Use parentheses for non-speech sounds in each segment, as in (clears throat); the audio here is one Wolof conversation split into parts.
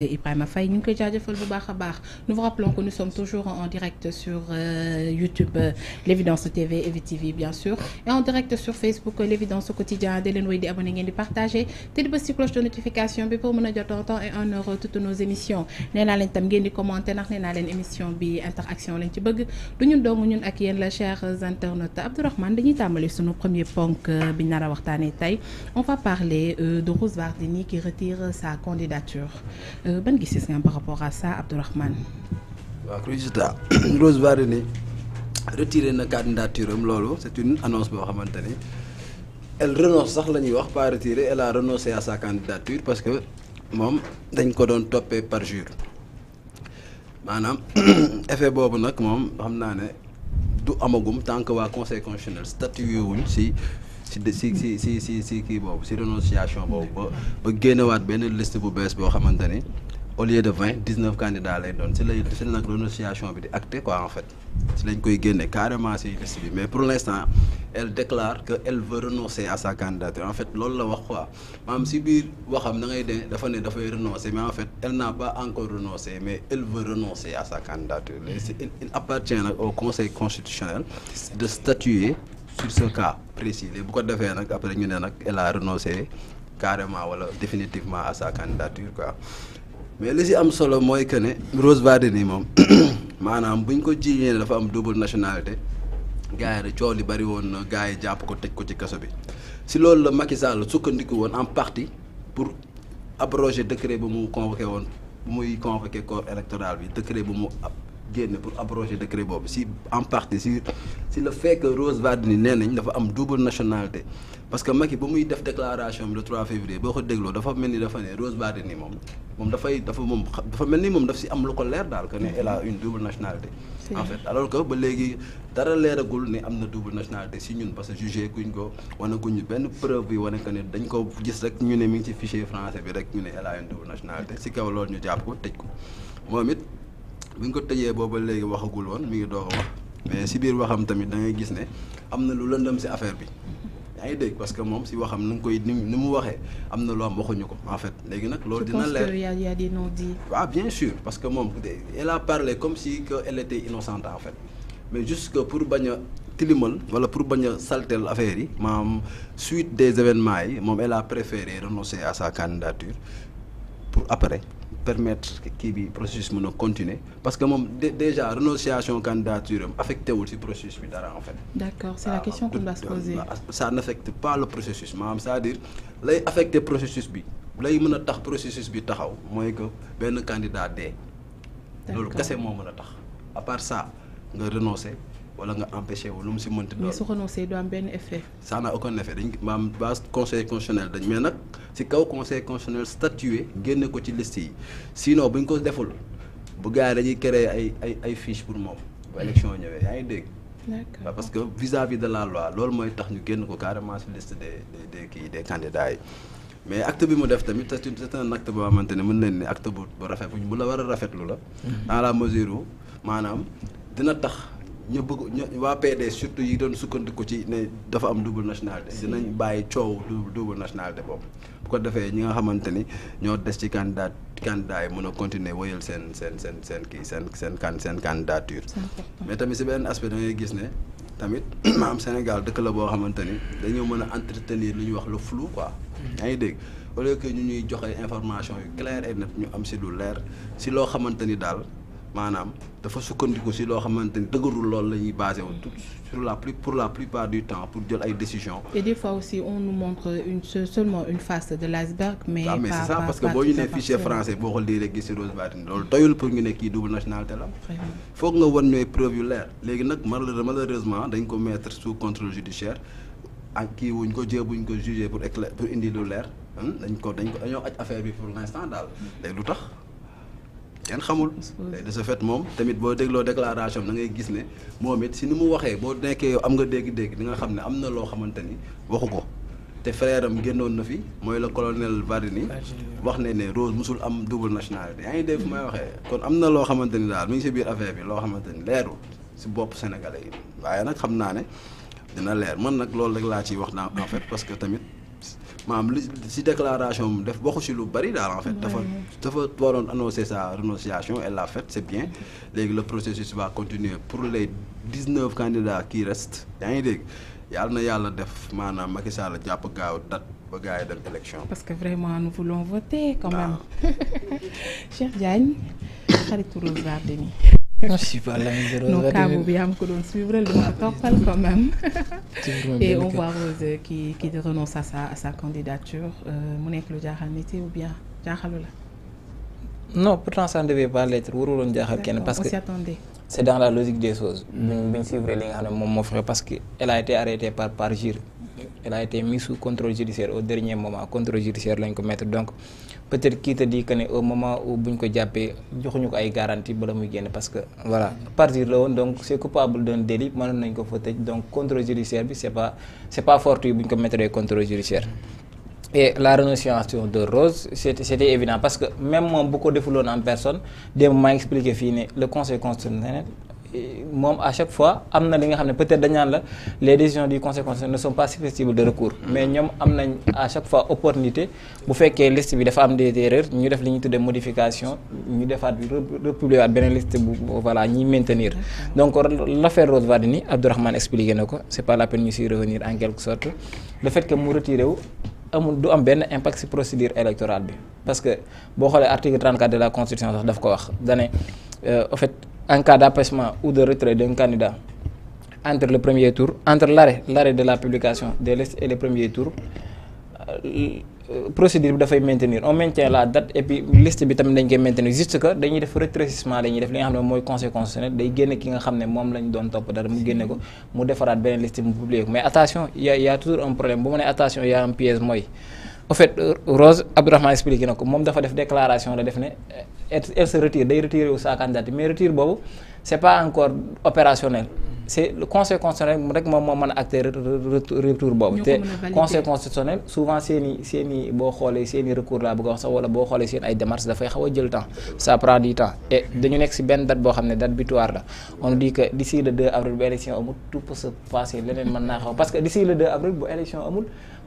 Ibrahima Faye ñu ngi koy jaajëfal bu baax a baax nous vous rappelons que nous sommes toujours en direct sur euh, YouTube euh, l'Évidence TV EVTV bien sûr et euh, quotidien da leen wéy di abonné ngeen di partagé te di bës cloche de notification bi pour mën a jot en et en heure toutes nos émissions nee leen tam ngeen di commenté ndax nee naa leen émission bi interaction lañ ci bëgg du ñu dong ñun ak yéen la chers internautes Abdourahmane dañuy tàmbali sunu premier ponk euh, bi ñu a waxtaanee tey on va parler euh, de Rose Wardini qui retire sa candidature Euh, ban gis-gis nga par rapport à ça Abdourahmane. waaw Rujita (clears throat) Rose Wardini retiré na candidature am loolu c' est une annonce boo xamante ni elle renonce sax la ñuy wax pas retiré elle a renoncé à sa candidature parce que moom dañ ko doon toppee parjure maanaam (clears throat) effet boobu nag moom xam naa ne du amagum tant waa conseil constitutionnel statué si. si si si si si kii boobu si renonciation boobu ba génnewaat benn liste bu bees boo xamante ni au lieu de vingt dix neuf candidats lay doon si lay si nag renonciation bi di acté quoi en fait si lañ koy génne carrément si liste bi mais pour l' instant elle déclare que elle veut renoncer à sa candidature en fait loolu la wax quoi maam si biir waxam na ngay de dafa ne dafay renoncer mais en fait elle n'a pas encore renoncé mais elle veut renoncer à sa candidature léegi il appartient nag au conseil constitutionnel de statuer sur ce cas précis bu ko defee nag après ñu ne nag elle a renoncé carrément wala définitivement à sa candidature quoi mais li si am solo mooy que ne Rose Wardini moom (coughs) maanaam buñ ko jiiñee dafa am double nationalité gars yi cool yi bari woon na gars yi jàpp ko teg ko ci kaso bi si loolu la Macky Sall sukkandiku woon en partie pour abroger décret bu mu convoqué woon bu muy convoqué corps électoral bi décret bu mu génn pour abroger décret boobu si en partie si si le fait que Rose Wardini nee nañ dafa am double nationalité parce que Macky ba muy def déclaration bi le 3 février boo ko dégloo dafa mel ni dafa ne Rose Wardini moom moom dafay dafa moom dafa mel ni moom daf si am lu ko leer daal que ne elle a une double nationalité en fait alors que ba léegi dara leeragul ne am na double nationalité si ñun parce que jugé kuñ ko wane guñu benn preuve bi wane que ne dañ ko gis rek ñu ne mi ngi ci fichier français bi rek ñu ne elle a une double nationalité si kaw ñu jàpp ko tëj ko bi nga ko tëjee booba léegi waxagul woon mi ngi doog a wax mais si biir waxam tamit da ngay gis ne am na lu lëndëm si affaire bi yaa ngi dégg parce que moom si waxam nu nga koy ni ni mu waxee am na lu am waxuñu ko en fait léegi nag loolu dina leer y a des non-dits waaw ah, bien sûr parce que moom elle a parlé comme si que elle était innocente en fait mais juste que pour bañ a tilimal wala pour bañ a saltel affaire yi maanaam suite des événements yi moom elle a préféré renoncer à sa candidature pour après permettre kii bi processus mun a continuer parce que moom déjà renonciation candidature am affecté wul ci processus bi dara en fait. d'accord c'est la ah, question qu'on doit se poser. Ah, ça n'affecte pas le processus maanaam cest dire lay affecté processus bi lay mën a tax processus bi taxaw mooy que benn candidat dee. loolu kese moo mën a tax à part ça nga renoncer. wala nga empêché wu lu mu si mënti doon. mais su renoncé du am benn effet. ça n'a aucun effet dañ maam base conseil constitutionnel dañ mais nag si kaw conseil constitutionnel statué génne ko ci liste yi sinon buñ ko deful bu gars yi dañuy créer ay ay ay fiche pour moom bu élection ñëwee yaa ngi dégg. parce que vis-à-vis de la loi loolu mooy tax ñu génn ko carrément si liste des des kii des candidats yi. mais acte bi mu def tamit c'est une c'est acte boo xamante ne mën nañ ne acte bu bu rafet bu la war a rafetlu la. Mhm. dans la mesure tax. ñu bëgg waa PD surtout yi doon sukkandiku ci ne dafa am double nationalité mm-hmm. dinañ bàyyi coow double nationalité boobu bu ko defee ñi nga xamante ni ñoo des ci candidat candidat yi mën a continuer wëyal seen seen seen seen kii seen seen can seen candidature mais tamit si benn aspect da ngay gis ne tamit (clears throat) maanaam Sénégal dëkk la boo xamante ni dañoo mën a entretenir lu ñu wax lu flou quoi mm-hmm. yaa ngi dégg au lieu que ñu ñuy joxe information yu claire et net ñu am si lu le si loo xamante ni daal maanaam dafa sukkandiku si loo xamante ni dëgërul loolu la ñuy basé wu tout sur la plus pour la plupart du temps pour jël ay décisions. et des fois aussi on nous montre une seulement une face de l'iceberg. mais ah, parce que boo ñu nee fichier français boo ko lii rek gis si Rose Wardini loolu doyul pour ñu ne kii double nationalité la. foog nga wan ñooy preuve yu leer. léegi nag malheureusement dañ ko mettre sous contrôle judiciaire ak kii wuñ ko jé buñ ko jugé pour éclair pour indi lu leer hmm, dañ ko dañ ko dañoo affaire bi pour l'instant daal léegi lu tax. kenn xamul de ce fait moom tamit boo dégloo déclaration da ngay gis ne moom it si ni mu waxee boo nekkee am nga dégg-dégg di nga xam ne am na loo xamante ni waxu ko te frère am génnoon na fi mooy le colonel Varini wax ne ne Rose mosul am double nationalité yaa ngi dégg fu may waxee kon am na loo xamante ni daal mi ngi si biir affaire bi loo xamante ni leerul si bopp sénégalais yi waaye nag xam naa ne dina leer mën nag loolu rek laa ciy wax naa en fait parce que tamit maanaam li si déclaration mu def waxu si lu bari daal en fait dafa dafa waroon annoncer sa renonciation elle l'a fait c'est bien léegi le processus va continuer pour les dix-neuf candidats qui restent yaa ngi dégg yàlla na yàlla def maanaam Macky Sall jàpp gaaw dat ba gars yi dem parce que vraiment nous voulons voter quand même. (laughs) Cheikh Diagne xaritu Rose Wardini non kaabu bi am ko doon suivre lu ma toppal quand même (laughs) et on voit Rose qui renonce à sa candidature mu nekk lu jaaxal nit yi ou bien jaaxalu la non pourtant ça ne devait pas l'être waruloon jaaxal kenn parce que c'est dans la logique des choses mm. bi ñu suivre li nga xam ne moom moo fexe parce que elle a été arrêtée par par jur elle a été mise sous contrôle judiciaire au dernier moment contrôle judiciaire lañ ko mettre donc peut-être kii te di que ne moment où buñ ko jàppee joxuñu ko ay garanti bala muy génn parce que voilà partir la woon donc c'est coupable d'un délit mënoon nañ ko fa tëj donc contrôle judiciaire bi c'est pas c'est pas fortuit bu ñu ko mettre contrôle judiciaire et la renonciation de Rose c'était c'était évident parce que même moom bu ko defuloon en personne démb maa expliqué fii ne le conseil constitutionnel moom à chaque fois am na li nga xam ne peut-être dañu naan la les décisions du conseil constitutionnel ne sont pas susceptibles de recours mm-hmm. mais ñoom am nañ à chaque fois opportunité bu fekkee liste bi dafa am des erreurs ñu def li ñuy tuddee modification ñu defaat bi republier waat beneen liste bu voilà ñuy maintenir mm-hmm. donc l'affaire Rose Wardini Abdourahmane expliqué na ko c'est pas la peine ñu siy revenir en quelque sorte le fait que mu retiré wu amul du am benn impact ci procédure électorale bi parce que boo xoolee article 34 de la constitution sax daf ko wax dane en euh, en cas d'apaisement ou de retrait d'un candidat entre le premier tour, entre l'arrêt, l'arrêt de la publication des listes et le premier tour, euh, euh procédure bi dafay maintenir on maintient la date et maintenir juste que dañuy def rétrécissement dañuy def li xam ne mooy conseil constitutionnel day génne ki nga xam ne moom lañ doon topp dara mu génne ko mu defaraat beneen liste mu publier ko mais attention y a toujours un problème bu ma nee attention y a un mooy. au fait euh, Rose Abdourahmane expliqué na ko moom dafa def déclaration la def ne euh, elle se retire day retiré wu sa candidature mais retire boobu c' est pas encore opérationnel. c' conseil constitutionnel rek moo mën a acté retour boobu. te conseil constitutionnel souvent seen i boo xoolee seen recours laa bëgg a wax sax wala boo xoolee seen ay démarches dafay xaw a jël temps ça prend du temps et dañu nekk si benn date boo xam ne date butoir la on dit que mën naa xaw parce que d' ici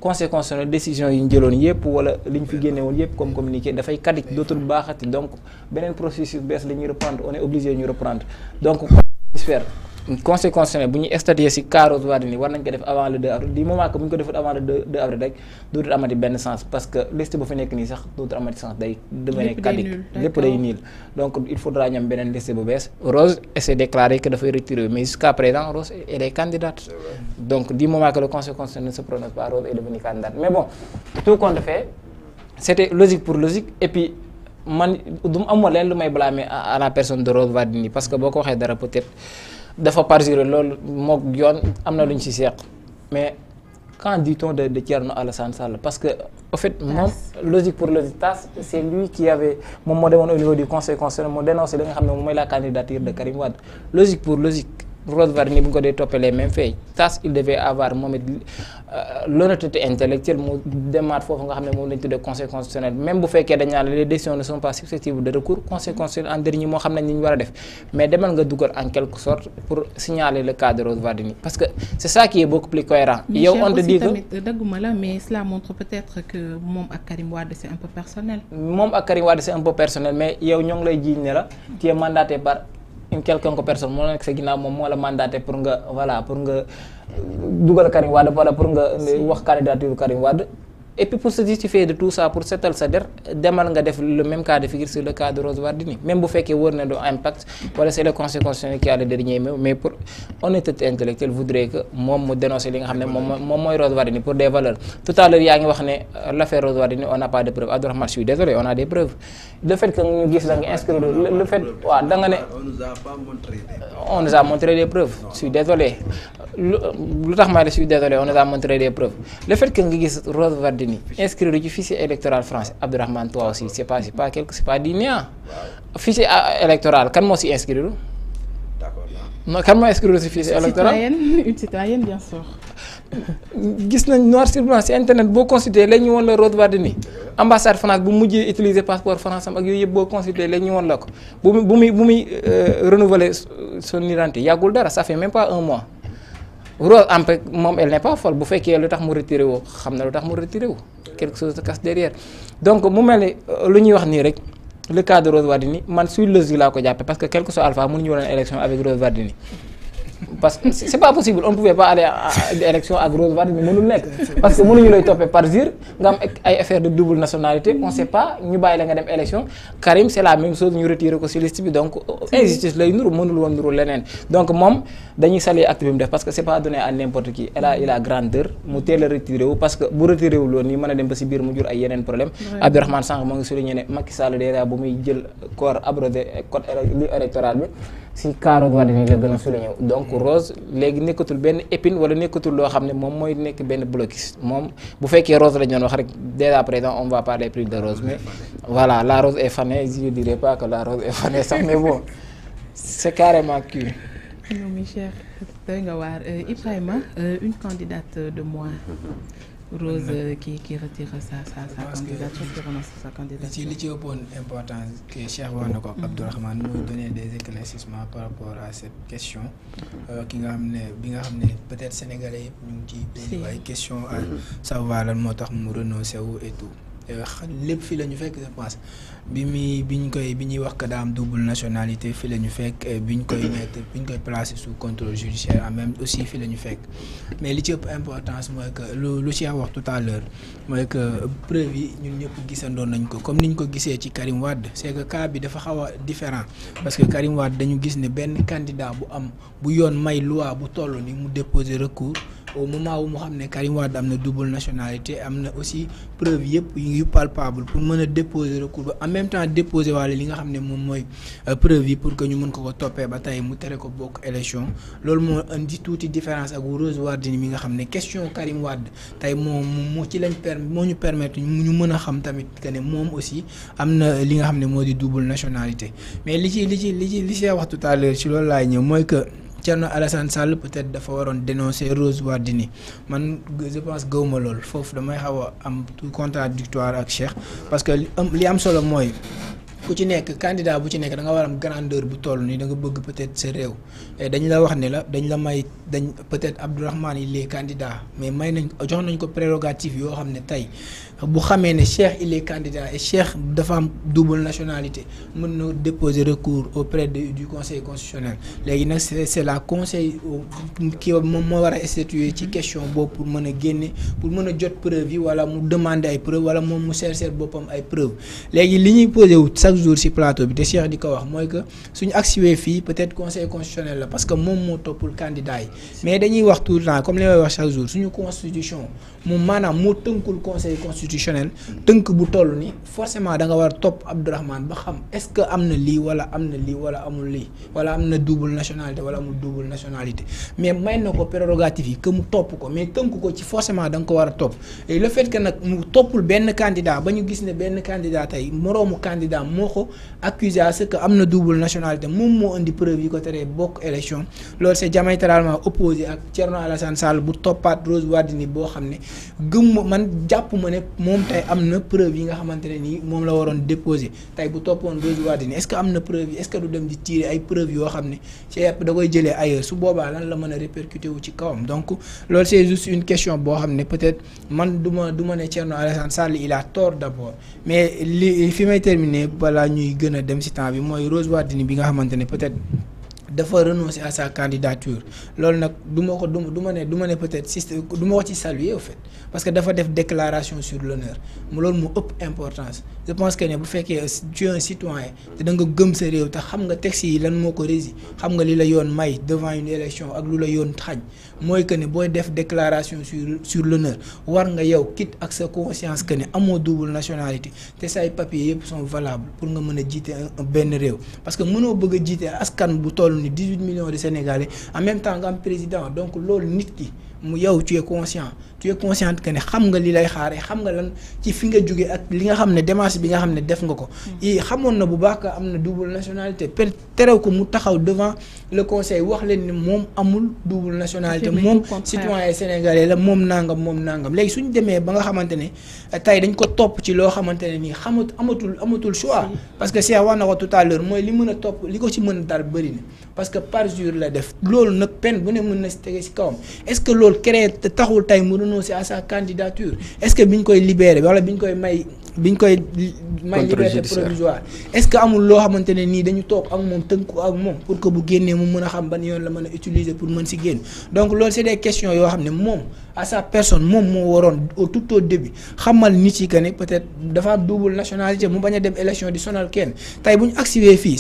conséquence na décision yi ñu jëloon yëpp wala li ñu fi génne woon yëpp comme communiqué dafay kaddi dootul baaxati donc beneen processus bees la ñuy reprendre o est obligé ñu reprendre donc j'espère conseil constitutionnel bu ñuy statuer si Rose Wardini war nañ ko def avant le 2 avril du moment que bu ñu ko defut avant le 2 avril rek dootul amati benn sens parce que liste bu fi nekk nii sax dootul amati sens day devenir caduc lépp day niil donc il faudra ñam beneen liste bu bees Rose s'est déclaré que dafay retirer mais jusqu'à présent Rose elle est candidate donc du moment que le conseil constitutionnel ne se prononce pas Rose est devenue candidate mais bon tout compte fait c'était logique pour logique et puis man du amuma leen lu may blâmer à la personne de Rose Wardini parce que boo ko waxee dara peut-être dafa parjure loolu mook yoon am na lu ñu si seq mais qu'en dit-on de de Thierno Alassane Sall parce que au fait moom logique pour logique tas c'est lui qui avait moom moo demoon au niveau du conseil constitutionnel moo dénoncé li nga xam ne mooy la candidature de Karim Wade logique pour logique. Rose Wardini bu ñu ko dee toppee les mêmes faits tas il devait avoir moom it euh, l'honnêteté mu demaat foofu nga xam ne moom lañ tuddee conseil constitutionnel même bu fekkee dañ naan les décisions ne sont pas susceptibles de recours conseil constitutionnel en dernier moo xam nañ li war a def mais demal nga dugal en quelque sorte pour signaler le cas de Rose Wardini parce que c'est ça qui est beaucoup plus cohérent yow on te dit que dagguma la mais cela montre ñoo ngi lay jiiñ ne la tu une quelconque personne moo nekk sa ginnaaw moom moo la mandaté pour nga voilà pour nga dugal Karim Wade wala pour nga wax candidature Karim Wade et pour se justifier de tout ça pour setal sa der demal nga def le même cas de figure sur le cas de Rose Wardini même bu fekkee wër na do impact wala c'est le conseil constitutionnel qui a le dernier mais pour honnêteté intellectuelle voudrait que moom mu dénoncer li nga xam ne moom mooy Rose Wardini pour des valeurs tout yaa ngi wax ne l'affaire Rose Wardini on on a des preuves le fait que ñu gis la nga inscrire le fait waaw da ne on nous a montré des preuves je suis nii inscrire ci fichier électoral français Abdourahmane toi aussi c'est pas c'est pas quelque c'est pas digne ah fichier électoral kan moo si inscrire d'accord kan moo inscrire si fichier électoral une citoyenne bien sûr gis nañ noir sur si internet boo consulté léegi ñu woon la Rose Wardini ambassade France bu mujjee utiliser passeport France am ak yooyu yëpp boo consulté léegi woon la ko bu muy bu muy bu muy euh, renouveler son identité yàggul dara ça fait même pas un mois Rose Ampe moom elle n'est pas folle bu fekkee lu tax mu retiré woo xam na lu tax mu retiré wu quelque chose se cache derrière donc mu mel euh, lu ñuy wax nii rek le cas de Rose Wardini man suy lësi laa ko jàppe parce que quel soit alpha mënuñu woon élection avec Rose Wardini parce que c' est pas possible on ne pouvait pas aller à élection ak Rose Wardini mënul nekk parce que mënuñu lay toppee par jure nga am ay affaire de double nationalité on pas ñu bàyyi la nga dem élection Karim c' est la même chose ñu retiré ko ci liste bi donc euh, injustice lay nuru mënul woon nuru leneen donc moom dañuy saluer acte parce que c' pas donné à n'importe qui elle grandeur mu teel a parce que bu retiré wu nii mën dem ba mu jur ay si kaaroog war ni la gën a souligné donc épine wala nekkatul loo xam ne moom mooy nekk benn blocus moom bu fekkee rose la ñu doon wax rek dès à présent on va parler plus de rose mais voilà la rose est fanée je dirais pas que sax mais bon c'est carrément cuit. cher doy nga waar euh, Ibrahima euh, une candidate de moi. Rose euh, qui, qui retire sa, sa, sa candidature, qui renonce sa candidature. Si l'ITIO pour une importance que Cheikh Wanoko mm-hmm. Abdurrahman nous donnait des éclaircissements par rapport à cette question, euh, qui a amené, peut-être Sénégalais, nous dit, des questions à mm-hmm. savoir le mu renoncer et tout. Eh, lépp fii la ñu fekk je pense bi muy bi ñu koy bi ñuy wax que daa am double nationalité fii la ñu fekk eh, bi ñu koy mettre bi ñu koy placer sous contrôle judiciaire en même aussi fii la ñu fekk mais li ci ëpp importance mooy que lu lu ci wax tout mooy que preuve yi ñu ñëpp gisandoon nañ ko comme ni ñu ko gisee ci Karim Wade c'est que cas bi dafa xaw a différent parce que Karim dañu gis ni benn candidat bu am bu yoon may loi bu toll ni mu déposer recours au moment wu mu xam ne Karim Wade am na double nationalité am na aussi preuve yëpp yu palpable pour mën a déposer recours ba en même temps déposer waale li nga xam ne moom mooy euh, preuve yi pour que ñu mën ko ko toppee ba tey mu tere ko bokk élection loolu moo indi tuuti différence ak Rose Wardini mi nga xam ne question Karim Wade tey moom moo ci lañ per moo ñu permettre ñu mën a xam tamit que ne moom aussi am na li nga xam ne moo di double nationalité mais li ci li ci li ci li wax tout à l'heure ci laay ñëw mooy que Thierno Alassane Sall peut-être dafa waroon dénoncer Rose Wardini man je pense gëwma lool foofu damay xaw a am tout contradictoire ak Cheikh parce que li am solo mooy ku ci nekk candidat bu ci nekk da nga war am grandeur bu toll nii da nga bëgg peut sa réew eh, dañ la wax ne la dañ la may dañ peut-être Abdourahmane il est candidat mais may nañ jox nañ ko prérogative yoo xam ne tey bu xamee ne Cheikh il est candidat et Cheikh dafa am double nationalité mën na déposer recours auprès de, du conseil constitutionnel léegi nag c'est c'est la conseil kii euh, moom moo war a statuer ci question boobu pour mën a génne pour mën a jot preuve wala mu demander ay preuve wala moom mu chercher boppam ay preuve chaque jour ci plateau bi te Cheikh di ko wax mooy que suñu agsiwee fii peut-être conseil constitutionnel la parce que moom moo toppul candidat yi mais dañuy wax tout temps comme li may wax chaque jour suñu constitution moom maanaam moo tënkul conseil constitutionnel tënk bu toll ni forcément da war a topp Abdourahmane ba xam est am na lii wala am na lii wala amul lii wala am na double nationalité wala amul double nationalité mais may na ko prérogative yi que mu topp ko mais tënk ko ci forcément a topp et moo ko accusé à ce que am na double nationalité moom moo indi preuve yi ko teree bokk élection loolu c'est diamétralement opposé ak Thierno Alassane Sall bu toppaat Rose Wardini boo xam ne gëm man jàpp ma ne moom tey am na preuve yi nga xamante ne nii moom la waroon déposé tey bu toppoon Rose Wardini est-ce que am na preuve yi est du dem di tirer ay preuve yoo xam ne ci yàpp da koy jëlee ailleurs su boobaa lan la mën a répercuté wu ci kawam donc lool c'est juste une question boo xam ne peut-être man du ma du ma ne Thierno Alassane Sall il a tort balaa ñuy gën a dem si temps bi mooy Rose Wardini bi nga xamante ne peut-être dafa renoncer à sa candidature loolu nag du ma ko du du ma ne du ma ne peut-être système du ma ko ci saluer au fait parce que dafa def déclaration sur l'honneur mu loolu mu ëpp importance je pense que ne bu fekkee tu es un citoyen te da nga gëm sa réew te xam nga texte yi lan moo ko rési xam nga li la yoon may devant une élection ak lu la yoon xañ mooy que ne booy def déclaration sur sur l'honneur war nga yow quitte ak sa conscience que ne amoo double nationalité te say papiers yëpp sont valables pour nga mën a jiite benn réew toll ni dix huit millions de Sénégalais en même temps nga am président donc loolu nit ki mu yow tu es tu es consciente que ne xam nga li lay xaaree xam nga lan ci fi nga jóge ak li nga xam ne démarche bi nga xam ne def nga ko. i hmm. xamoon na bu baax que am na double nationalité per terew ko mu taxaw devant le conseil wax leen ni moom amul double nationalité. moom citoyen sénégalais la moom nangam moom nangam léegi suñu demee ba nga xamante ne euh, tey dañ ko topp ci loo xamante ne nii xamut amatul amatul choix. parce que Cheikh wax na ko tout à mooy li mën a topp li ko ci mën a dal parce que parjure la def loolu nag peine bu mën na si si kawam renoncer à sa candidature est-ce que bi ñu koy libérer wala bi ñu koy may bi ñu koy may provisoire est-ce que amul loo xamante ne nii dañu toog ak moom tënku ak moom pour que bu génnee mu mën a xam ban yoon la mën a utiliser pour mën si génn donc loolu c'est des yoo xam ne moom à sa personne moom moo waroon au tout au début xamal nit yi que ne peut-être dafa double nationalité mu bañ a dem élection di sonal kenn tey bu ñu activé fii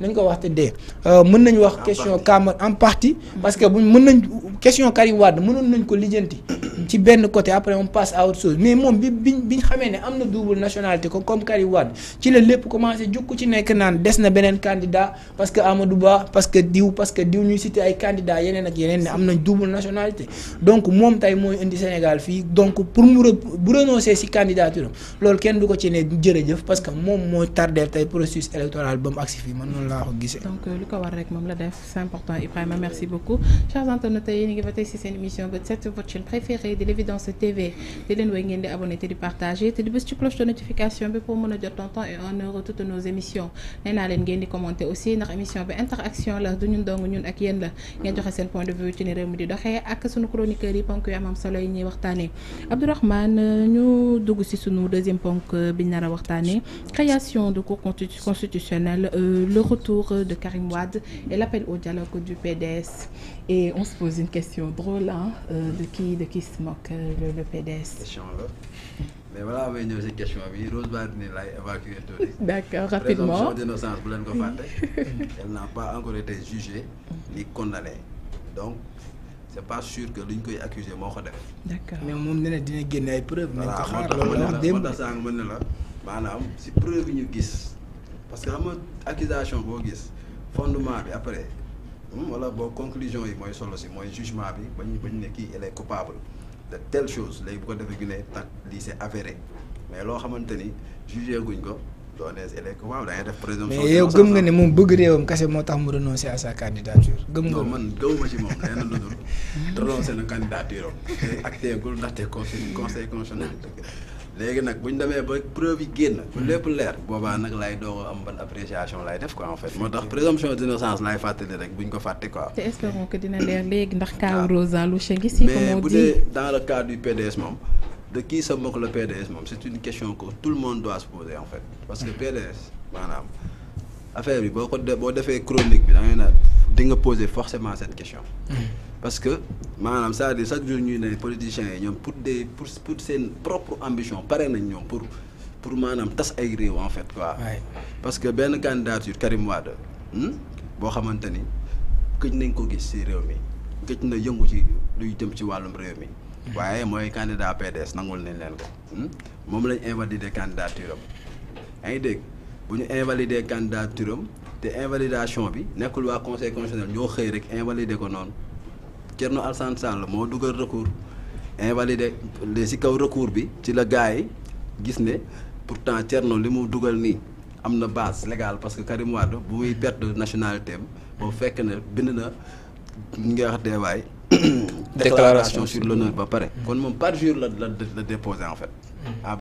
nañ ko wax te dee euh, mën nañu wax question Camara en partie parce que buñ mën nañ question Karim Wade mënoon nañ ko lijjanti ci benn côté après on passe à autre chose mais moom bi bi biñ xamee ne am na double nationalité ko comme Karim Wade ci la lépp commencé jukku ci nekk naan des na beneen candidat parce que Amadou Ba parce que diw parce que diw ñuy cité ay candidat yeneen ak yeneen ni am nañ double nationalité donc moom tey mooy indi Sénégal fii donc pour mu bu renoncer si candidature am loolu kenn du ko ci ne jërëjëf parce que moom mooy tardé tey processus électoral ba mu noonu noonu laa ko gisee. donc euh, ko war rek moom la def c'est important Ibrahima merci beaucoup chers internautes yéen ngi ba tey si seen émission votre set votre chaîne préférée di l'évidence TV di leen wooy ngeen di abonné di partagé te di bés ci cloche de notification bi pour mën a jot temps et en heure toutes nos émissions nee leen ngeen di commenté aussi ndax émission bi interaction la du ñun dong ñun ak yéen la ngeen joxe seen point de vue ci mi di doxee retour euh, de Karim Wade et l'appel au dialogue du PDS. Et on se pose une question drôle, euh, de, qui, de qui se moque euh, le, le PDS mais voilà may ñëw si question bi Rose Wardini laay évacuer tuuti. d' accord rapidement présomption d' innocence bu leen ko fàtte. (laughs) elle n'a pas encore été jugée ni condamnée donc c' pas sûr que luñ koy accuser moo ko def. d' accord mais moom nee na dina génne ay preuves. nañ ko xaar loolu la wax démb la maanaam si preuve yi ñu gis. parce que xam nga accusation boo gis fondement bi après hmm, wala boo conclusion yi mooy solo si mooy jugement bi ba ñu ba ñu kii il est coupable de telle chose léegi bu ko defee ñu ne tak lii mais loo xamante ni jugé guñ ko doo ne il est coupable da ngay def présomption. mais yow gëm nga ne moom bëgg réewam kese moo tax mu renoncer à sa candidature. gëm nga non man gëmuma ci moom lenn lu dul renoncer na candidature am te acté gul ndaxte conseil conseil constitutionnel. léegi nag bu ñu demee ba preuve yi génn. bu lépp leer. boobaa nag laay doog am ban appréciation laay def quoi en fait. moo tax présomption d'innocence laay fàttali rek bu ñu ko fàtte quoi. te espérons que dina leer léegi ndax. waaw cas ah. Rosa Louche ngi si. comme on dit mais bu dee dans le cas PDS moom. de kii sa moque le PDS moom c'est une question que tout le monde doit se poser en fait parce que PDS maanaam affaire bi boo ko boo defee chronique bi da ngay naan di nga poser forcément cette question. Hmm. parce que maanaam c'est-à-dire chaque jour ñuy ne politiciens yi ñoom pour des pour pour seen propre ambition pare nañ ñoom pour pour maanaam tas ay réew en fait quoi. parce que benn candidature Karim Wade hmm, boo xamante ni gëj nañ ko gis ci réew mi gëj na yëngu ci luy jëm ci wàllum réew mi. Hmm. waaye mooy candidat PDS nangul nañ leen ko. Hmm. moom lañ invalider candidature am. ngi dégg bu ñu invalider candidature te invalidation bi nekkul waa conseil constitutionnel ñoo xëy rek invalider ko noonu. Thierno Alassane Sall moo dugal recours invalidé si kaw recours bi ci la gars yi gis ne pourtant Thierno li mu dugal nii am na base légal parce que Karim Wade bu muy perte nationalité am boobu fekk na bind na ñu ngi wax deewaay déclaration sur l'honneur ba pare mm. kon moom par jour la la la déposé fait mm. ah